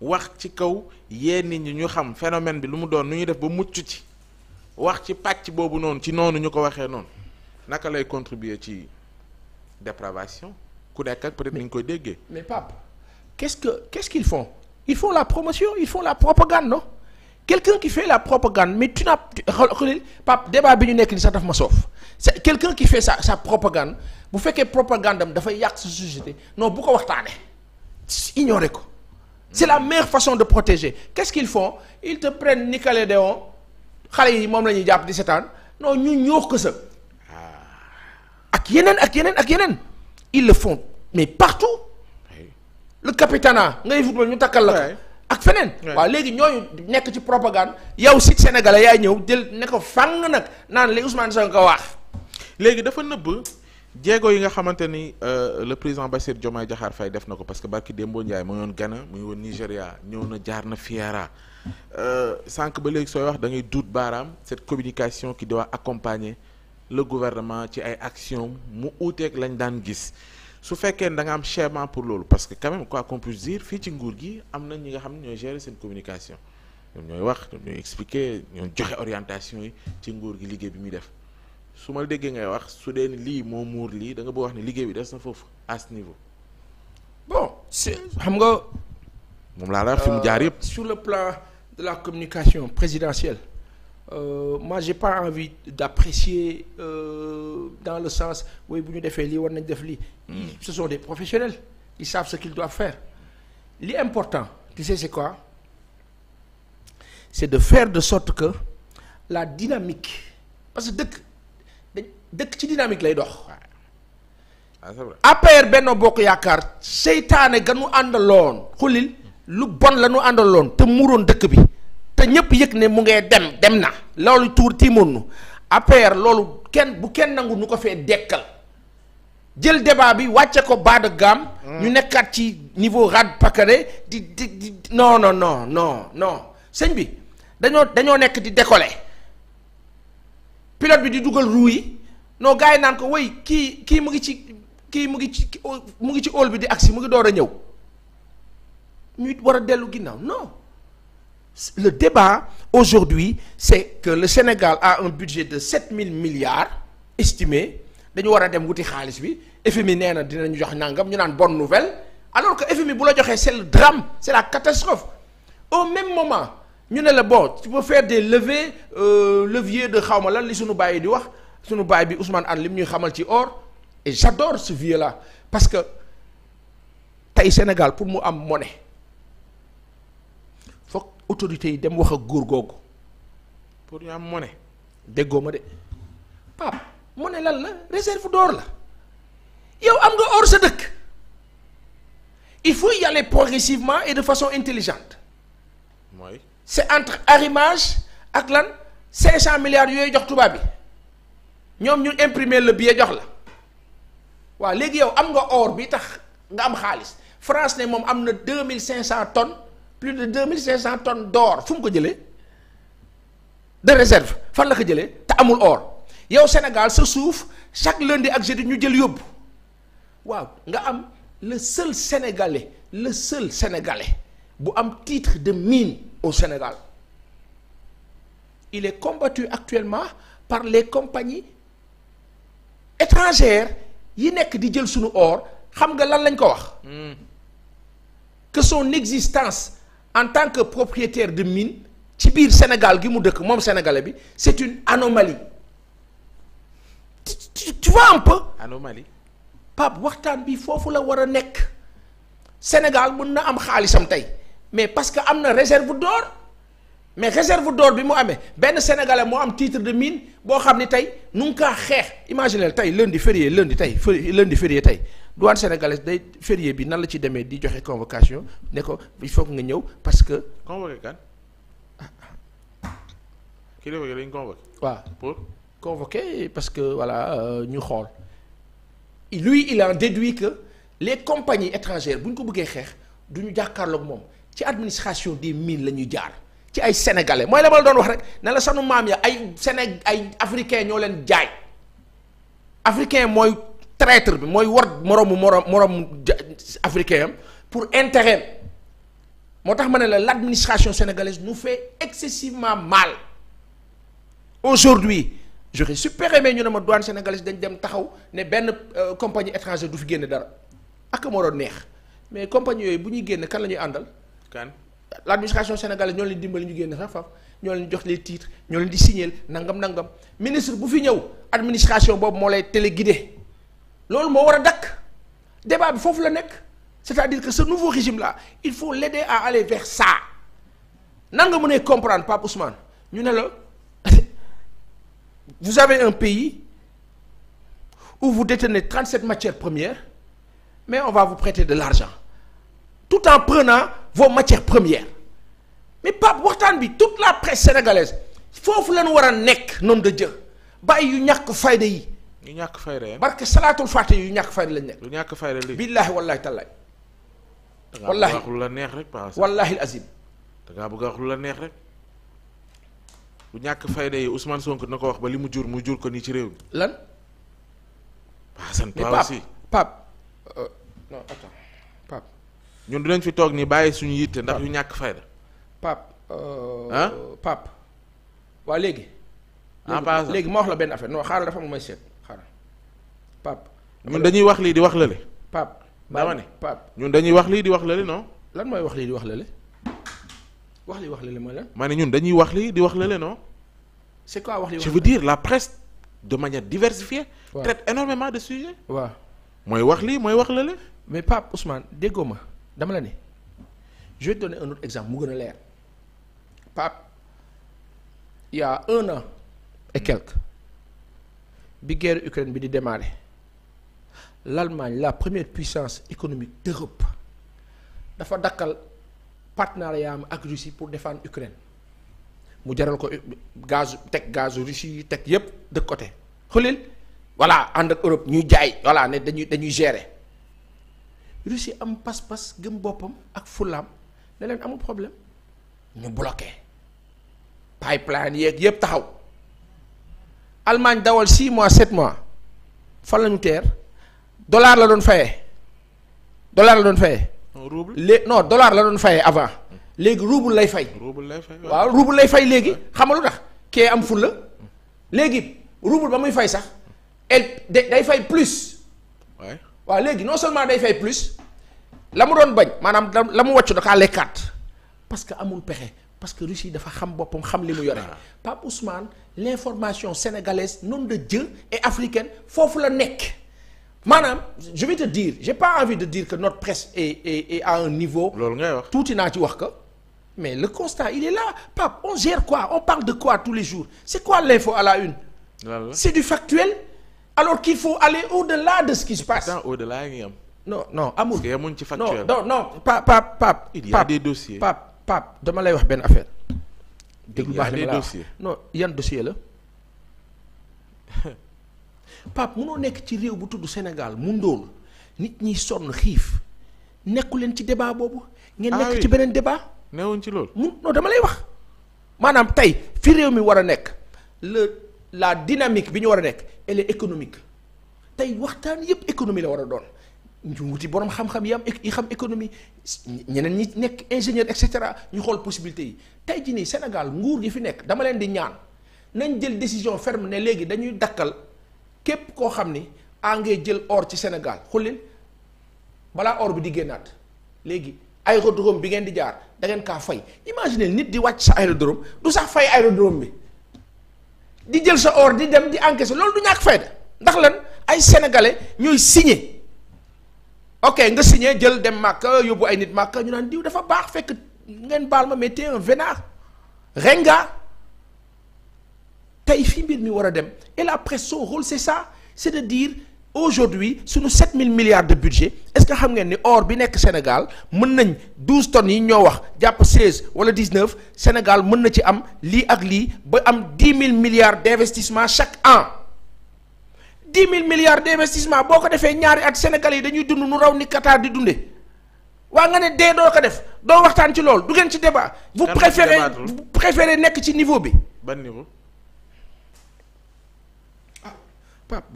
wax ci kaw yee nit ñi ñu xam phénomène bi lu mu doon nu ñuy def ba mucc ci wax ci pàcc boobu noonu ci noonu ñu ko waxee noonu naka lay contribuer ci dépravation ku nekk ak peut-être ni ñu koy déggee. mais Pape qu'est-ce que qu'est-ce qu'ils font la promotion ils font la propagande non quelqu'un qui fait la propagande mais tu n'as xoolil Pape débat bi ñu nekk ni sax daf ma soof c'est quelqu'un qui fait sa sa propagande bu fekkee propagande am dafay yàq sa société non bu ko waxtaanee ignorer ko. c'est la meilleure façon de protéger qu'est-ce qu'ils font ils te prennent Nickelodeon xale yi moom lañuy jàpp di seetaan non ñu ñoo ko sa ah. ak yeneen ak yeneen ak yeneen il le font mais partout le capitana ngay football ñu takkal la ak feneen waaw léegi ñooyu nekk ci propagande yow site sénégalais yaay ñëw jël ne ko fàng nag naan li sa nga waax léegi dafa nëbb jéego yi nga xamante ni euh, le ba Bassirou Diomaye Diakhar fay def na ko parce que barki Dembo Ndiaye mu ngi gana Ghana mu ngi woon Nigéria ñëw na jaar na Fiera euh, sànq ba léegi sooy wax da ngay duut baaraam cette communication qui doit accompagner le gouvernement ci ay actions mu uuteeg lañ daan gis su fekkee da nga am schéma pour loolu parce que quand même quoi fii ci nguur gi am na ñi nga xam ne ñooy gérer seen communication ñooy wax ñooy expliquer ñoom joxe orientation yi ci nguur gi liggéey bi muy def. su ma déggee ngay wax su dee ni lii moo muur lii da nga bëgg wax ni liggéey bi des na foofu à ce niveau. bon si xam nga. moom laa la fi mu euh, jaar yëpp. sur le plan de la communication présidentielle euh, moi j'ai pas envie d'apprécier euh, dans le sens oui bu ñu defee lii war nañ def lii. Hmm. ce sont des professionnels. ils savent ce qu'ils doivent faire. li important ki sais c'est quoi c'est de faire de sorte que la dynamique parce que dëkk. dëkk ci dynamique lay dox. Ah, APR Benno Bokk Yaakaar seytaane ga nu àndaloon xulil lu bon la àndaloon te muuroon dëkk bi te ñëpp yëg ne mu ngee dem dem na loolu tuur tiimoon nu APR loolu kenn bu kenn nangu nu ko fee dekkal jël débat bi wàcce ko bas de mm. ñu nekkaat ci niveau rade pacaré di di di non non non non non sëñ bi dañoo dañoo nekk di décoller pilote bi di dugal roue non gars yi naan ko woy kii kii mu ngi ci kii mu ngi ci mu ngi ci óol bi di agsi mu ngi door a ñëw ñu war a dellu ginnaaw non le débat aujourd'hui c'est que le Sénégal a un budget de sept mille milliards estimé dañu war a dem wuti xaalis bi FMI nee na dinañu jox nangam ñu naan bon nouvelle alors que FMI bu la joxee c'est le drame c'est la catastrophe au même moment ñu ne la bon tu peux faire des levées euh, levier de xawma lan li suñu bàyyi di wax suñu baay bi Ousmane li mu ñuy xamal ci or et j'adore ce vieux là parce que tey Sénégal pour mu am monnaie foog autorité yi dem wax ak góor googu pour ñu am monnaie déggoo ma de Pape monnaie lan la réserve d'or la yow am nga or sa dëkk il faut y aller progressivement et de façon intelligente. mooy c'est entre arrimage ak lan cinq cent milliards yooyu jox tubaab yi ñoom ñu imprimer la billet jox la waaw léegi yow am nga oor bi tax nga am xaalis France ne moom am na deux mille cinq cent tonnes plus de deux mille cinq cent tonnes d'or fu mu ko jëlee de réserve fan la ko jëlee te amul or yow Sénégal sa suuf chaque lendi ak jeudi ñu jël yóbbu waaw nga am la seul sénégalais le seul sénégalais bu am titre de mine au Sénégal il est combattu actuellement par les compagnies étrangère yi nekk di jël suñu oor xam nga lan lañ ko wax. Hmm. que son existence en tant que propriétaire de mine ci biir Sénégal gi mu dëkk moom sénégalais bi c'est une anomalie tu, tu, tu vois un waxtaan bi foofu la war a nekk Sénégal mën na am xaalisam tey mais parce que am na réserve d'or mais réserve d'or bi mu amee benn sénégalais moo am titre de mine boo xam ni tey nu ngi kaa xeex imaginez tey lundi férié lundi tey lundi férié tey douane sénégalaise day férié bi nan la ci demee di joxe convocation ne ko il faut nga ñëw parce que. convoqué kan. lañ convoqué. waaw pour. convoqué parce que voilà euh, ñu xool lui il en déduit que les compagnies étrangères bu ñu ko buggee xeex du ñu jàkkaarloog moom ci administration de mines la ñuy jaar. ci ay sénégalais mooy la ma la doon wax rek ne la sanu maam ya ay séné ay africain ñoo leen jaay africain mooy traître bi mooy war moroomu moroom moroomu africain am pour intérêt moo tax ma ne la l' administration sénégalaise nous fait excessivement mal aujourd'hui j'aurais super aimé ñu ne ma douane sénégalaise dañ dem taxaw ne benn euh, compagnie étrangère du fi génn dara ak moo neex mais compagnie yooyu bu ñuy génn kan la ñuy àndal kan l' administration sénégalaise ñoo leen dimbali ñu génn sax faf ñoo leen jox les titres ñoo leen di signer nangam nangam ministre bu fi ñëw administration boobu moo lay téléguidé loolu moo war a dakk débat bi foofu la nekk c' est à dire que ce nouveau régime la il faut l' à aller vers ça nan nga mën a comprendre Pape Ousmane ñu ne la vous avez un pays où vous détenez 37 matières premières mais on va vous prêter de l'argent tout en prenant vos matières premières mais Pape waxtaan bi toute la presse sénégalaise foofu lañu war a nekk noonu da Dieu bàyyi yu ñàkk fayda yi. yu ñàkk fayda yi barke salaatul yu ñàkk fayda lañ nekk. yu ñàkk fayda li billaahi wallaahi tallaay. wallaahi da la neex rek. da ngaa bëgg a lu neex rek. bu ñàkk fayda yi Ousmane sonk na ko wax ba li mu jur mu jur ko nii ci réew mi. lan. waaw seen. mais Pape Pape euh, ñun dinañ fi toog ni bàyyi suñu yitte ndax yu ñàkk fayda pap ah euh, pap waa léegi en passant léegi wax la benn affaire non xaaral dafa am may seet xaaral dañuy wax lii di wax la pap dama ne pap ñun dañuy wax lii di wax lële non lan mooy wax lii di wax la wax lii wax lële mooy lan ma ñun dañuy wax lii di wax lële non c'est quoi wax lii wax je la presse de manière diversifiée traite énormément de sujets waaw mooy wax lii mooy wax lële mais Pape Ousmane déggoo ma dama la ne je vais un autre exemple mu gën a leer Pape il y un an et quelques bi guerre Ukraine bi di démarré l'Allemagne la première puissance économique d'Europe dafa dakkal partenariat am ak Russie pour défendre Ukraine mu jaral ko gaz teg gazu Russie teg yépp de côté xulil voilà ànd ak Europe ñuy jaay voilà ne dañuy dañuy gérer Russie am pas-pas gëm boppam ak fulaam ne leen amul problème ñu bloqué pipeline yeeg yëpp taxaw Allemagne dawal 6 mois 7 mois fan la teer dollar la doon faye dollar la doon fayee. rouble léegi non dollar la doon fayee avant léegi rouble lay fay. rouble lay fay waaw rouble lay fay léegi xamal nga lu kee am ful léegi rouble ba muy fay sax elle day fay plus. waa léegi non seulement day fay plus la mu doon bañ maanaam la mu wàccu da kaa lekkaat parce que amul pexe parce que Russie dafa xam boppam xam li mu yore ah. Pape Ousmane l'information sénégalaise nom de Dieu et africaine foofu la nekk maanaam je vais te dire j'ai pas envie de dire que notre presse est est, est à un niveau loolu wax tuuti naa ci wax ko mais le constat il est là Pape on gère quoi on parle de quoi tous les jours c'est quoi l'info à la une c'est du factuel alors qu'il faut aller au-delà de ce qui se passe. pourtant au-delà ngi am. non non amul. parce que yamuñ ci factuel. non non non Pape Pape Pape. il y a des dossiers Pape dama lay wax benn affaire. déglu baax li ma la wax non yan dossier la. Pape munoo nekk ci réew bu tudd Sénégal mu ndóol nit ñi sonn xiif nekku leen ci débat boobu. ngeen nekk ah ci beneen débat. newoon ci loolu. mun non dama lay wax. maanaam tey fi réew mi war a nekk. le la dynamique bi ñu war a nekk. elle est économique tey waxtaan yépp économie la war a doon ñu wuti borom xam-xam yi am yi xam économie ñeneen ñi nekk ingénieur et cetera ñu xool possibilité yi tey jii nii Sénégal nguur yi fi nekk dama leen di ñaan nañ jël décision ferme ne léegi dañuy dakkal képp koo xam ni aa ngay jël or ci Sénégal xullil balaa or bi di génnaat léegi aérodrome bi ngeen di jaar da ngeen kaa fay imaginez nit di wàcc sa aérodrome du sax fay aérodrome bi. di jël sa or di dem di encaisser loolu du ñàkk fayda ndax lan ay sénégalais ñooy signé ok nga signé jël dem Màkka yóbbu ay nit Màkka ñu naan diw dafa baax fekk ngeen baal ma mais t'es un vénard renga tey fii mbir mi war a dem et la presse son rôle c'est ça c'est de dire aujourd'hui suñu 7000 milliards de budget est-ce que xam ngeen ni or bi nekk Sénégal mën nañ 12 tonnes yi ñoo wax jàpp 16 wala 19 Sénégal mën na ci am lii ak lii ba am 10 000 milliards d'investissement chaque an 10 000 milliards d'investissement boo ko defee ñaari at Sénégal yi dañuy dund nu raw ni Qatar di dunde waa nga ne dee doo ko def doo waxtaan ci loolu du ngeen ci débat vous préférez vous préférez nekk ci niveau bi ban niveau ah Pape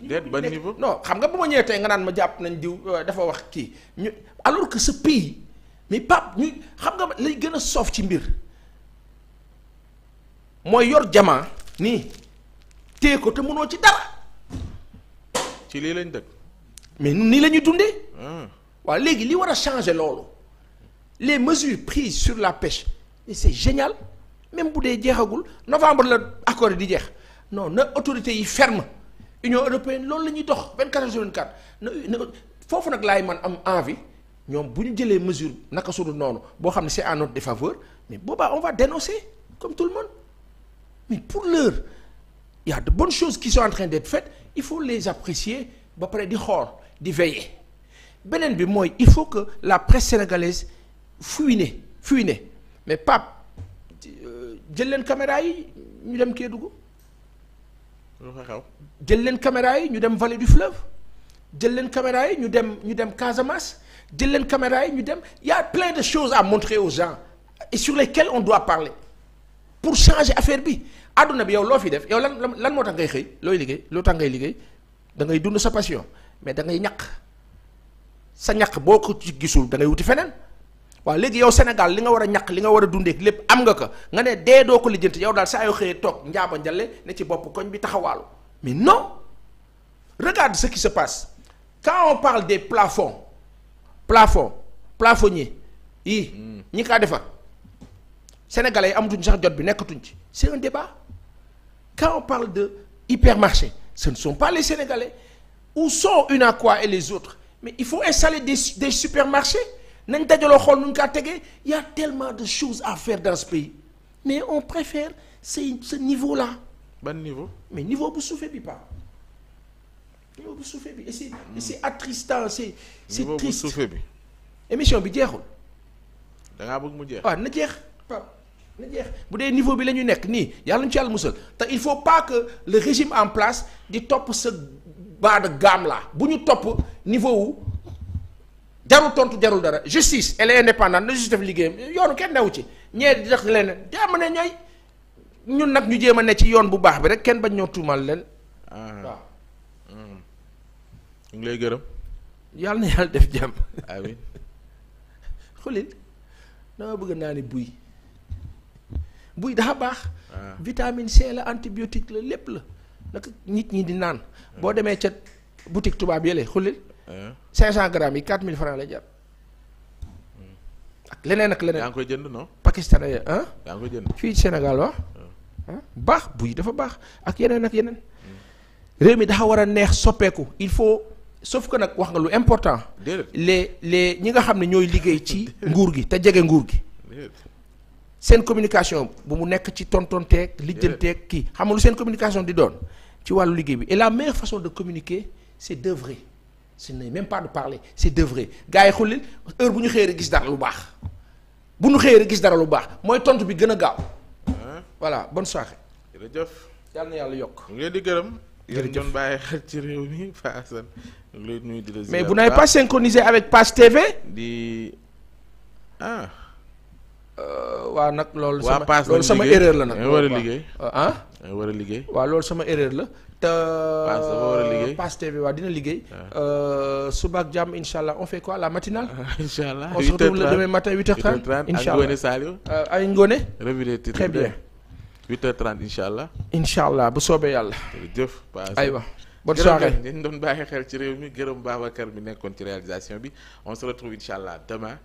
déet ban niveau non xam nga bu ma ñëwee tey nga naan ma jàpp nañ diw euh, dafa wax kii ñu alors que ce pays mais Pape ñu xam nga lay gën a soof ci mbir mooy yor jamaa nii téye ko te mënoo ci dara. ci lii lañ dëkk. mais ñun nii la ñuy dundee. Hmm. waaw léegi li war a changer loolu les mesures prises sur la pêche et c'est génial même bu dee jeexagul novembre la accord di jeex non na autorités yi ferme. Union européenne loolu lañuy ñuy dox 24 sur 24 na na foofu nag laay man am envi ñoom bu ñu jëlee mesure naka sunu noonu boo xam ne c'est en notre défaveur mais boobaa on va dénoncer comme tout le monde mais pour l'heure il y a de bonnes choses qui sont en train d'être faites il faut les apprécier ba pare di xool di veiller beneen bi mooy il faut que la presse sénégalaise fuine fuine mais Pape euh, jël leen caméra yi ñu dem Kédougou jël leen caméra yi ñu dem vallée du fleuve jël leen caméra yi ñu dem ñu dem Casamance jël leen caméra yi ñu dem y a de choses à montrer aux gens et sur lesquelles on doit parler pour changer affaire bi àdduna bi yow loo fi def yow lan lan moo tax ngay xëy looy liggéey loo tax ngay liggéey dangay dund sa passion mais da ngay ñaq sa ñaq boo ko ci gisul da wuti feneen. waaw léegi yow Sénégal li nga war a ñàkk li nga war a dundeek lépp am nga ko nga ne dee doo ko lijjanti yow daal saa yoo xëyee toog njaaba njale ne ci bopp koñ bi taxawaalu mais non regarde ce qui se passe quand on parle des plafonds plafond plafonnier yii ñi kaa defa sénégalais yi amatuñ sax jot bi nekkatuñ ci c'est un débat quand on parle de hypermarché ce ne sont pas les sénégalais où sont Unacois et les autres mais il faut installer des des supermarchés nañ dajaloo xool nu ñu kaa tegee y tellement de chose à fair dans ce pays mais on préfère ces ce niveau la ban niveau. mais niveau bu suufee bi pas niveau bu suufee bi et c'est attristant c'est c'est bi. émission bi jeexul. da ngaa bëgg mu jeex. waaw ah, na jeex bu dee niveau bi la ñu nekk nii yàlla ñu ci yàlla musal te il faut pas que le régime en place di topp sa bas de gamme bu ñu topp niveau wu. jarul tontu jarul dara justice elle est indépendante na justice def liggéeyam yoonu kenn daw ci ñee di def leen jaam ne ñooy ñun nag ñu jéem a ne ci yoon bu baax bi rek kenn bañ ñoo tuumal leen. Ah. waaw. Hmm. ñu ngi lay gërëm. yàlla na yàlla def jàmm. xulil dama bëgg naa ne buy buy dax a baax. Ah. vitamine C la antibiotique la lépp la naka nit ñi di naan. Ah. boo demee ca boutique tubaab yële xulil. cinq cent grammes yi quatre mille francs lay jar ak leneen ak leneen. yaa ngi koy jënd non. pakistanais ah. yaa ngi koy jënd fii Sénégal wax baax buy dafa baax ak yeneen ak yeneen. réew mi dafa war a neex soppeeku il faut sauf ko nag wax nga lu important. les les ñi nga xam ne ñooy liggéey ci nguur gi te jege nguur gi. seen communication bu mu nekk ci tontonteeg lijjanteeg kii xam nga xamul seen communication di doon ci wàllu liggéey bi et la meilleure façon de communiquer c'est d'œuvrer. ce n'est même pas de parler c'est d'œuvrer gars yi xullil heure bu ñu xëyee rek gis dara lu baax bu ñu xëyee rek gis dara lu baax mooy tontu bi gën a gaaw. voilà bonne soirée. jërëjëf. yal na yàlla yokk. ngeen di gërëm. yéen doon bàyyi xel ci réew mi Pa Assane mais vous n'avez pas synchronisé avec Pass TV. di ah. Euh, waaw nag loolu. sama loolu sama erreur la nag. war liggéey ah. war a liggéey. waa loolu sama erreur la. te Pass TV waaw dina liggéey. Ah. Euh, suba ak jàmm incha allah on fait quoi la matinale. Ah, incha allah on se retrouve le demain matin 8h30. incha allah euh, ay Ngone revue des titres très bien. 8h30 incha allah. incha allah bu soobee yàlla. jërëjëf aywa. bonne soirée dañ doon baaxee xel ci réew mi gërëm Babacar mi nekkoon ci réalisation bi on se retrouve incha demain.